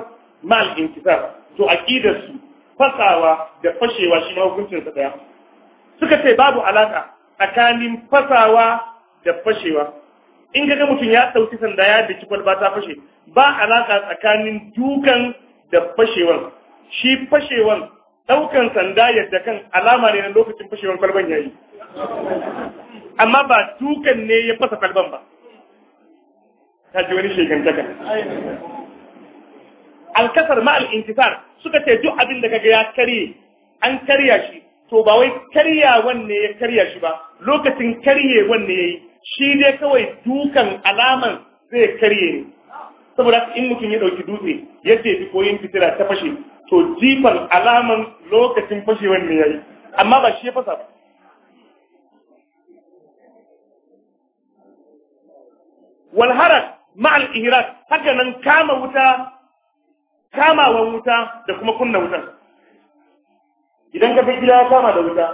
Speaker 1: ma al-inkisar to aqidar su fasawa da fashewa shi ma hukuncin sa daya suka ce babu alaka tsakanin fasawa da fashewa in ga mutum ya ɗauki sanda ya daki kwalba ta fashe ba alaka tsakanin dukan da fashewan, shi fashewan ɗaukan sanda yadda kan alama ne na lokacin fashewan kwalban ya yi amma ba dukan ne ya fasa kwalban ba ta ji wani shekantaka alkasar ma al'inkisar suka ce duk abin da kaga ya karye an karya shi to ba wai karyawan ne ya karya shi ba lokacin karyewan ne ya yi shi dai kawai dukan alaman zai karye ne saboda in mutum ya ɗauki dutse ya fi koyin fitila ta fashe to jifan alaman lokacin fashewar ne ya yi amma ba shi ya fasa ba walharar ma'al ihirar haka nan kama wuta kamawan wuta da kuma kunna wuta. idan ka fi gida ya kama da wuta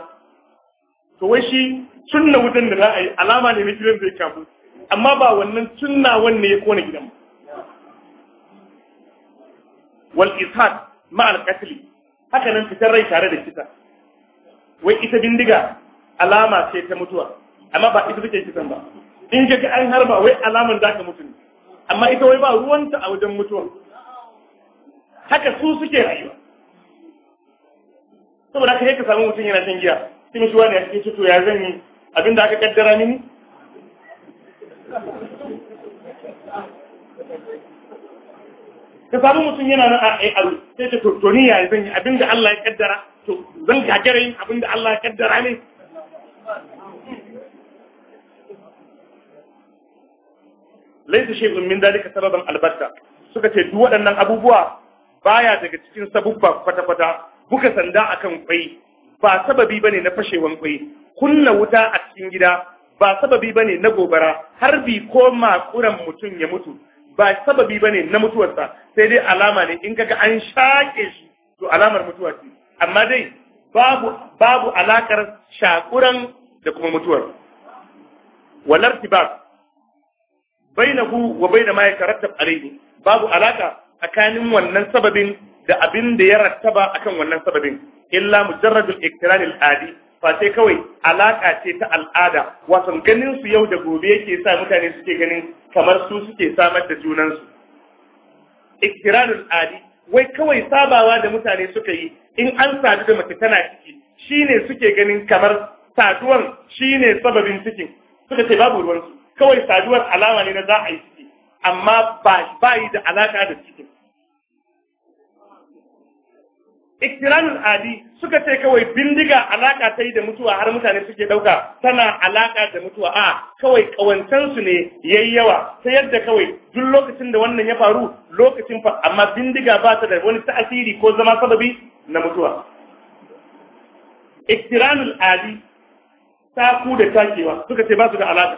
Speaker 1: to wai shi sunna wutan da za a yi alama ne mai gidan zai kafu amma ba wannan sunna wanne ya kona gidan wal ishaq ma al qatli haka nan fitar rai tare da kisa wai ita bindiga alama ce ta mutuwa amma ba ita take kisan ba in ga an harba wai alaman za ka mutu ne amma ita wai ba ruwanta a wajen mutuwa haka su suke rayuwa saboda haka sai ka samu mutum yana shan giya sai mutuwa ne a cikin cikin ya zan yi abinda aka kaddara mini ka samu mutum yana nan a sai ta ya zan yi abinda Allah ya kaddara to zan gagara yin abinda Allah ya kaddara ne laisa shi min dalika sababan albarta suka ce duk waɗannan abubuwa baya daga cikin sabubba kwata-kwata buka sanda akan kwai ba sababi bane na fashewan kwai kunna wuta a cikin gida ba sababi bane na gobara harbi ko makuran mutum ya mutu ba sababi bane na mutuwarsa sai dai alama ne in kaga an shaƙe shi to alamar mutuwa ce amma dai babu babu alakar shakuran da kuma mutuwar walar tibar bainahu wa baina ma yatarattab alayhi babu alaka tsakanin wannan sababin da abin da ya rattaba akan wannan sababin illa mujarradul iktiran adi. fa sai kawai alaka ce ta al'ada wato ganin su yau da gobe yake sa mutane suke ganin kamar su suke samar da junansu iktiranul adi wai kawai sabawa da mutane suka yi in an sadu da mace tana ciki shine suke ganin kamar saduwan shine sababin cikin suka ce babu su kawai saduwar alama ne na za a yi ciki amma ba yi da alaka da cikin iktiranul adi suka ce kawai bindiga alaka ta yi da mutuwa har mutane suke dauka tana alaka da mutuwa a kawai kawancan su ne yayi yawa ta yadda kawai duk lokacin da wannan ya faru lokacin fa amma bindiga ba ta da wani ta'asiri ko zama sababi na mutuwa iktiranul adi ta ku da takewa suka ce ba su da alaka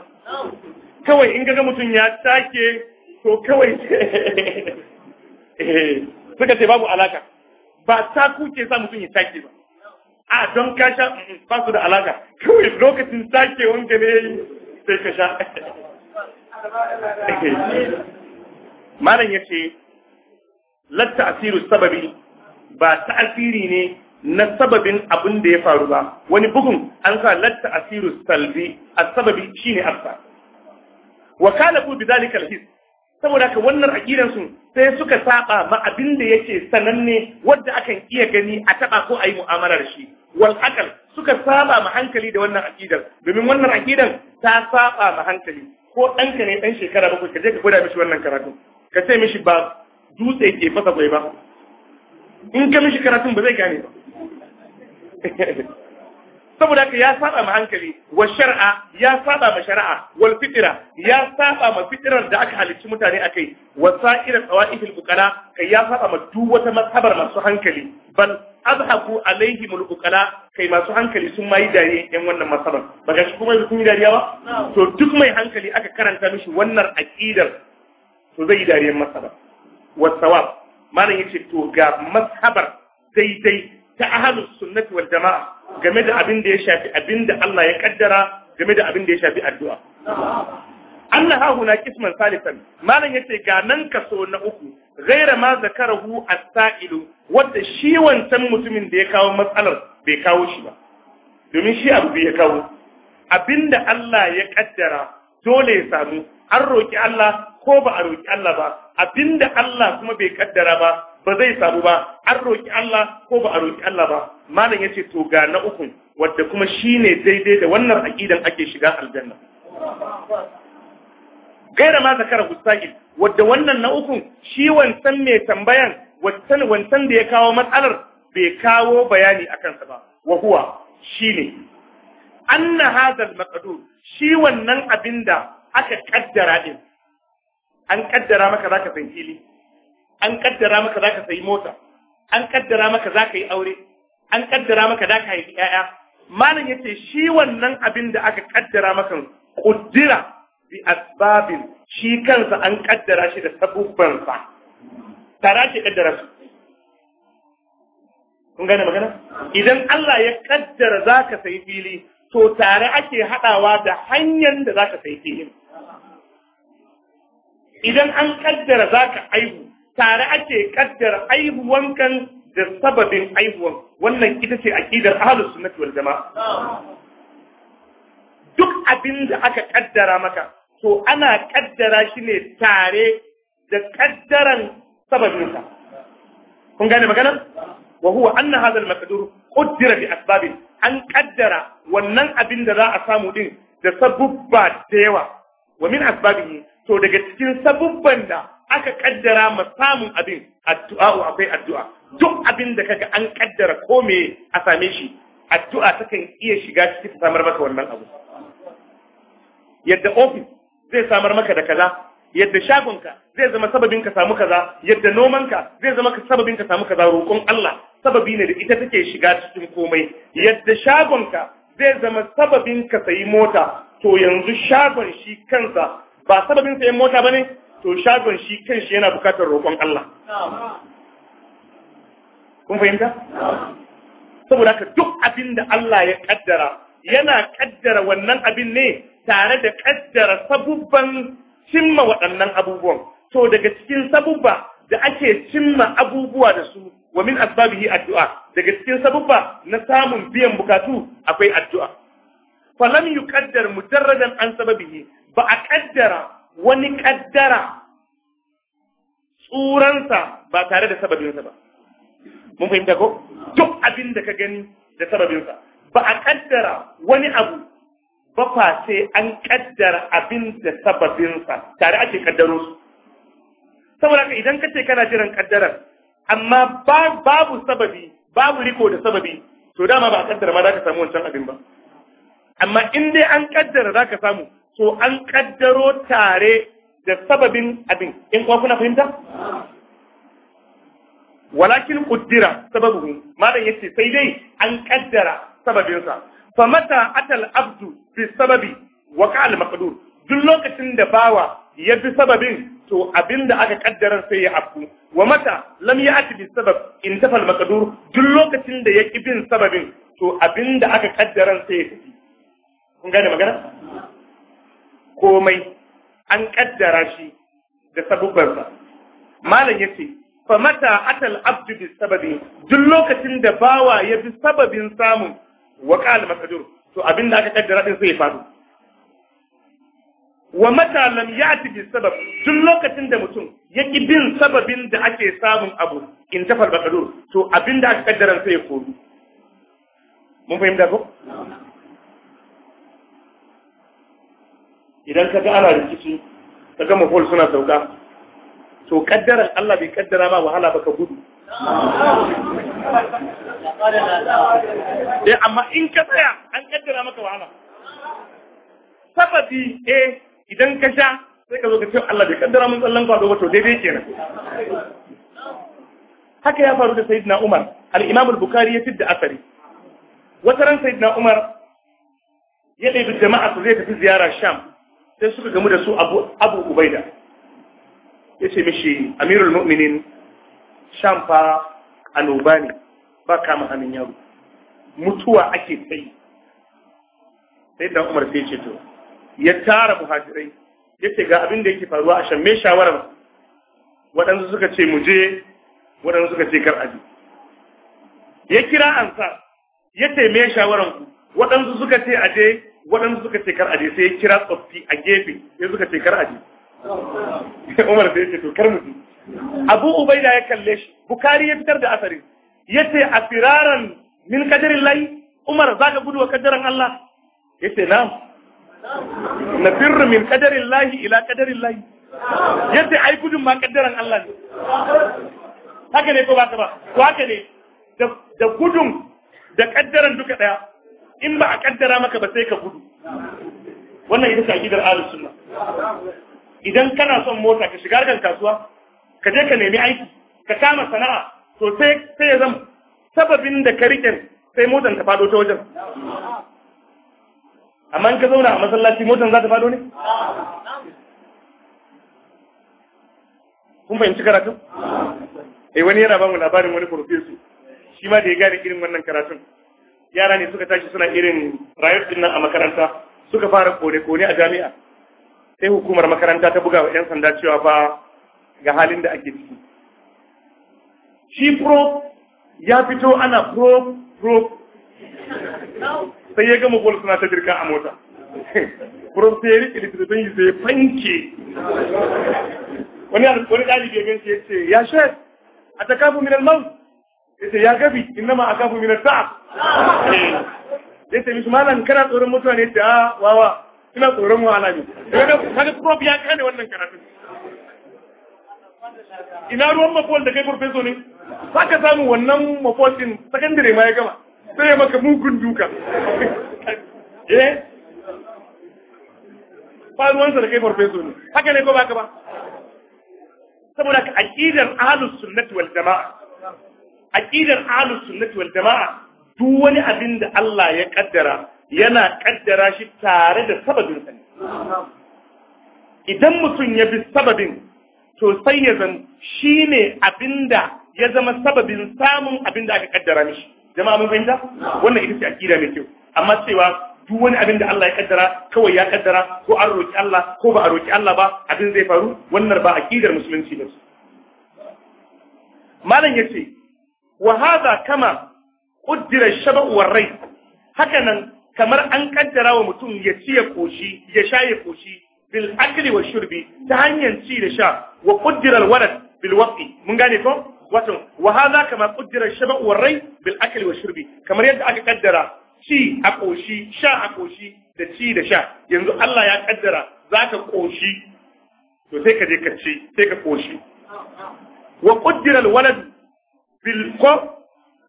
Speaker 1: kawai in ga mutum ya take to kawai (laughs) suka ce babu alaka ba taku ke sa mutum ya take ba a don ka sha ba su da alaka kawai lokacin take wanka ne sai ka sha malam ya ce latta asiru sababi ba ta'asiri ne na sababin abin da ya faru ba wani bugun an sa latta asiru salbi a sababi shine afsa wa kala ku bidalika alhis saboda ka wannan akidar su sai suka saba ma abin da yake sananne wadda akan iya gani a taba ko a yi mu'amalar shi wal akal suka saba ma hankali da wannan akidar domin wannan akidar ta saba ma hankali ko ɗanka ne ɗan shekara bakwai ka je ka gwada mishi wannan karatu ka ce mishi ba dutse ke fasa gwai ba in ka mishi karatun ba zai gane ba (laughs) saboda haka ya saba ma hankali wa shar'a ya saba ma shari'a wal fitira ya saba ma fitirar da aka halicci mutane akai wa sa'ira tsawaifil bukala kai ya saba ma duk wata mazhabar masu hankali bal azhaku alaihim al bukala kai masu hankali sun mai dariya yan wannan mazhabar ba ga shi kuma kun yi dariya ba to duk mai hankali aka karanta mishi wannan aqidar to zai yi dariyar mazhabar wa sawab malam yace to ga mas'abar daidai ta ahlus sunnati wal jama'a game da abin da ya shafi abin da Allah ya kaddara game da abin da ya shafi addu'a. Allah ha huna kisman salisan, malam ya ce ga nan kaso na uku, gaira ma zakarahu a sa'ilu, wadda shi wancan mutumin da ya kawo matsalar bai kawo shi ba. Domin shi abu bai ya kawo. Abin da Allah ya kaddara dole ya samu, an roƙi Allah ko ba a roƙi Allah ba, abin da Allah kuma bai kaddara ba, ba zai samu ba an roƙi Allah ko ba a roƙi Allah ba malam yace to ga na uku wadda kuma shine daidai da wannan aqidan ake shiga aljanna gaira ma zakara hussain wadda wannan na uku shi wancan mai tambayan wancan wancan da ya kawo matsalar bai kawo bayani akan sa ba wa huwa shine anna hadal maqdur shi wannan abinda aka kaddara din an kaddara maka zaka san fili an kaddara maka za ka sayi mota an kaddara maka za ka yi aure an kaddara maka za ka haifi ‘ya'ya malam ya ce shi wannan abin da aka kaddara maka kuddira bi asbabin shi kansa an kaddara shi da sabubbansa tara ce kaddara su kun gane magana idan Allah ya kaddara za ka sayi fili to tare ake haɗawa da hanyar da za ka sayi filin idan an kaddara za ka aihu tare ake kaddara aihuwankan da sababin aihuwan wannan ita ce aqidar ahlus sunnati wal jamaa duk abin da aka kaddara maka to ana kaddara shi ne tare da kaddaran sababinsa kun gane magana wa huwa anna hadha al maqdur qaddara bi asbabin an kaddara wannan abin da za a samu din da sabubba da yawa wa min asbabihi to daga cikin sabubban da aka kaddara ma samun abin addu'a akwai addu'a duk abin da kaga an kaddara ko me a same shi addu'a takan iya shiga ciki ta samar maka wannan abu yadda office zai samar maka da kaza yadda shagonka zai zama sababin ka samu kaza yadda nomanka zai zama sababin ka samu kaza roƙon Allah sababi ne da ita take shiga cikin komai yadda shagonka zai zama sababin ka sayi mota to yanzu shagon shi kansa ba sababin sayan mota bane to shagon shi kan shi yana bukatar roƙon Allah kun fahimta saboda haka duk abin da Allah ya kaddara yana kaddara wannan abin ne tare da kaddara sabubban cimma waɗannan abubuwan to daga cikin sabubba da ake cimma abubuwa da su wa min asbabihi addu'a daga cikin sabubba na samun biyan bukatu akwai addu'a falam kaddara mujarradan an sababihi ba a kaddara wani kaddara tsuransa ba tare da sababinsa ba mun fahimta ko duk abin da ka gani da sababinsa ba a kaddara wani abu ba fa sai an kaddara abin da sababinsa tare ake kaddaro su saboda ka idan ka ce kana jiran kaddarar amma babu sababi babu riko da sababi to dama ba a kaddara ma za ka samu wancan abin ba amma in dai an kaddara za ka samu to an kaddaro tare da sababin abin in kuwa kuna fahimta walakin kuddira sababu malam yace sai dai an kaddara sababinsa fa mata atal abdu bi sababi wa qal maqdur duk lokacin da bawa ya bi sababin to abinda aka kaddara sai ya afku wa mata lam ya'ti bi sabab in tafal maqdur duk lokacin da ya ki bin sababin to abinda aka kaddara sai ya tafi kun gane magana komai an kaddara shi da sabubansa malam yace fa mata atal abdu bi sababi duk lokacin da bawa ya bi sababin samun wa qal masadur to abin da aka kaddara din sai ya faru wa mata lam ya'ti bi sabab duk lokacin da mutum ya ki bin sababin da ake samun abu in tafal masadur to abin da aka kaddara sai ya koru mun fahimta ko idan ka ga ana rikici ka ga mafol suna sauka to kaddaran Allah bai kaddara ba wahala ba ka gudu dai eh, amma in ka tsaya an kaddara maka wahala sababi eh idan ka sha sai ka zo ka ce Allah bai kaddara mun tsallan kwado ba to daidai kenan haka ya faru da sayyidina Umar al-Imam al-Bukhari ya tidda asari wata ran sayyidina Umar ya ɗebi jama'a su zai tafi ziyara Sham sai suka gamu da su abu abu ubaida ya ce mishi amirul mu'minin shamfa a annoba ne ba kama hannun yaro mutuwa ake tsayi sai da umar sai ce to ya tara muhajirai ya ce ga abin da yake faruwa a shamme shawarar waɗansu suka ce mu je waɗansu suka ce kar aji ya kira ansa ya taimaye shawararku waɗansu suka ce aje waɗansu suka ce kar aje sai ya kira tsoffi a gefe sai suka ce kar aje (laughs) Umar sai ce to kar mu Abu Ubaida ya kalle shi Bukari ya fitar da asarin Ya ce a firaran min kadirin layi. Umar za ka gudu wa kadarin Allah Ya ce na (laughs) na firru min kadarin layi ila kadarin lahi yace ai gudun ma kadarin Allah ne haka ne ko ba ta ba ko haka ne da gudun da kaddaran duka ɗaya. in ba a kaddara maka ba sai ka gudu
Speaker 2: wannan ita ta alis suna
Speaker 1: idan kana son mota ka shiga harkar kasuwa ka je ka nemi aiki ka kama sana'a to sai sai ya zama sababin da ka riƙe sai motan ta fado ta wajen amma in ka zauna a masallaci motan za ta fado ne kun fahimci karatun eh wani yana ba mu labarin wani profesu shi ma da ya gane irin wannan karatun yara ne suka tashi suna irin rayuwar din nan a makaranta suka fara kone-kone a jami'a sai hukumar makaranta ta buga wa 'yan sanda cewa ba ga halin da ake ciki shi pro ya fito ana pro pro sai ya gama bol suna ta jirga a mota pro sai ya rike littattafan yi sai fanke wani ɗalibi ya gan shi ya ce ya shef a takafu min al-maut yace ya gabi innama akafu min at-ta'ab yace mishi malan kana tsoron mutuwa ne ta ah, wawa ina tsoron mu alami kaga prof ya kane wannan karatu ina ruwan mafol da kai professor ne saka samu wannan mafol din secondary ma ya gama sai ya maka mugun duka eh ba ruwansa da kai farfeso ne haka ne ko baka ba saboda ka aqidar ahlus sunnati wal jamaa aƙidar ahlus sunnati wal jama'a duk wani abin da Allah ya kaddara yana kaddara shi tare da sababin sa idan mutum ya bi sababin to sai ya zan shine abinda ya zama sababin samun abinda aka kaddara mishi jama'a mun fahimta wannan ita ce aƙida mai kyau amma cewa duk wani abin da Allah ya kaddara kawai ya kaddara ko an roki Allah ko ba a roki Allah ba abin zai faru wannan ba aƙidar musulunci ba malam ya ce. Wahaza kama qaddara shabu war rai haka kamar an ƙaddara wa mutum ya ci ya koshi ya sha ya koshi bil akli wa shurbi ta hanyar ci da sha wa qaddara al walad bil waqi mun gane ko wato wahaza hadha kama qaddara shabu rai bil akli wa shurbi kamar yadda aka ƙaddara, ci a koshi sha a koshi da ci da sha yanzu Allah ya kaddara zaka koshi to sai ka je ka ci sai ka koshi wa qaddara al walad bil ko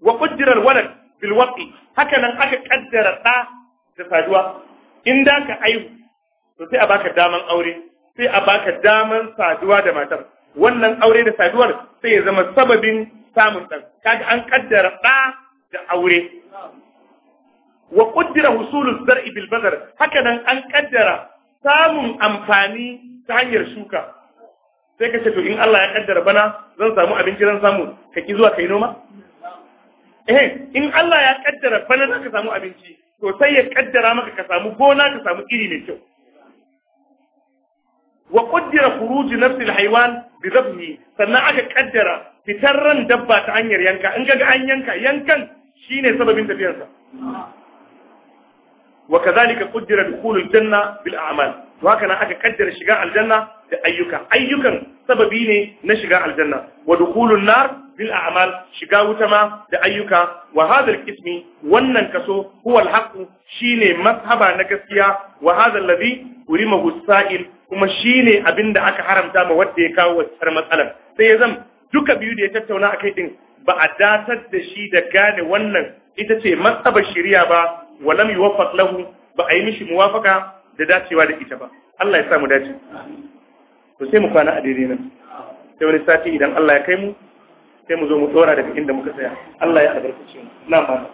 Speaker 1: wa qaddara walad bil waqi haka nan aka kaddara da da saduwa in da ka aihu to sai a baka daman aure sai a baka daman saduwa da matar wannan aure da saduwar sai ya zama sababin samun dan kaga an kaddara da da aure wa qaddara husulu zar'i bil bazar haka nan an kaddara samun amfani ta hanyar shuka sai ka ce to in Allah ya kaddara bana zan samu abinci zan samu ka ki zuwa kai noma eh in Allah ya kaddara bana zan ka samu abinci to sai ya kaddara maka ka samu gona ka samu iri mai kyau wa qaddara khuruj nafsi alhayawan bi dhabhi sannan aka kaddara fitar ran dabba ta hanyar yanka in kaga an yanka yankan shine sababin tafiyarsa وكذلك قدر دخول الجنة بالأعمال وهكذا aka ƙaddara shiga aljanna. da ayyuka ayyukan sababi ne na shiga aljanna wa dukhulun nar bil a'mal shiga wuta ma da ayyuka wa hadal qismi wannan kaso huwa al shine mashaba na gaskiya wa hadha alladhi urimahu sa'il kuma shine abinda aka haramta ma wanda ya kawo wannan matsalar sai ya zam duka biyu da ya tattauna akai din ba a datar da shi da gane wannan ita ce mazhabar shari'a ba wa lam yuwaffaq lahu ba a yi mishi muwafaka da dacewa da ita ba Allah ya sa mu dace to sai mu kwana a daidai nan sai wani sati idan Allah ya kai mu sai mu zo mu tsora daga inda muka tsaya Allah ya albarkace mu na mana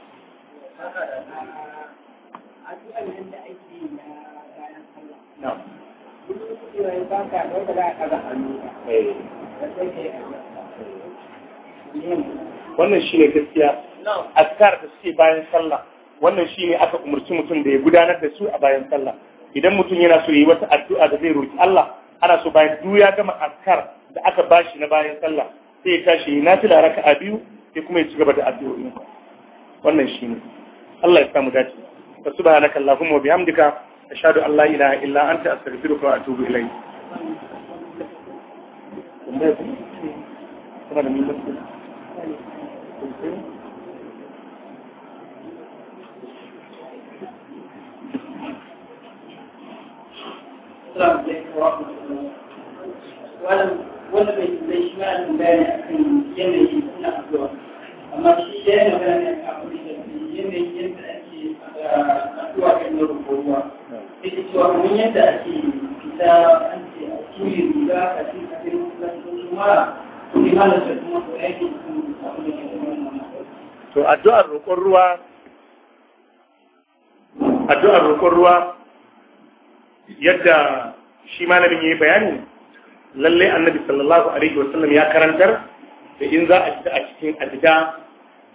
Speaker 1: wannan shi ne gaskiya askar da suke bayan sallah wannan shi ne aka umarci mutum da ya gudanar da su a bayan sallah idan mutum yana so yi wata addu'a da zai roki Allah ana so bayan duk ya gama askar da aka bashi na bayan sallah sai ya tashi na nafila raka'a biyu sai kuma ya ci gaba da addu'o'in wannan shi ne. Allah ya samu dace fa subhanaka allahumma wa bihamdika ashhadu an la ilaha illa anta astaghfiruka wa atubu ilayk yadda shi malamin ya yi bayani lallai annabi sallallahu alaihi wasallam ya karantar da in za a fita a cikin adida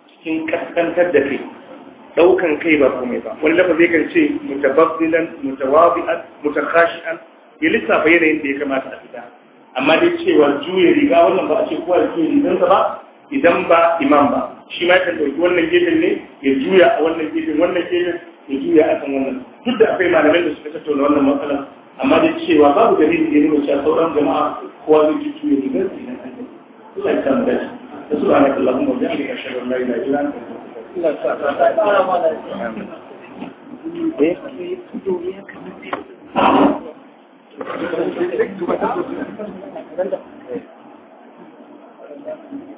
Speaker 1: cikin kaskantar da kai daukan kai ba komai ba wani lafazi kan ce mutababbilan mutawabi'an mutakhashi'an ya lissafa yanayin da ya kamata a fita amma dai cewa juya riga wannan ba a ce kowa da juya rigansa ba idan ba imam ba shi ma kan dauki wannan gefen ne ya juya a wannan gefen wannan gefen ya juya a kan wannan duk da akwai malamai da suka tattauna wannan matsalar amma da cewa babu da sauran jama'a kowa zai ci tuyo da gaske na hanyar Allah ya da su ana da
Speaker 2: ake Thank you.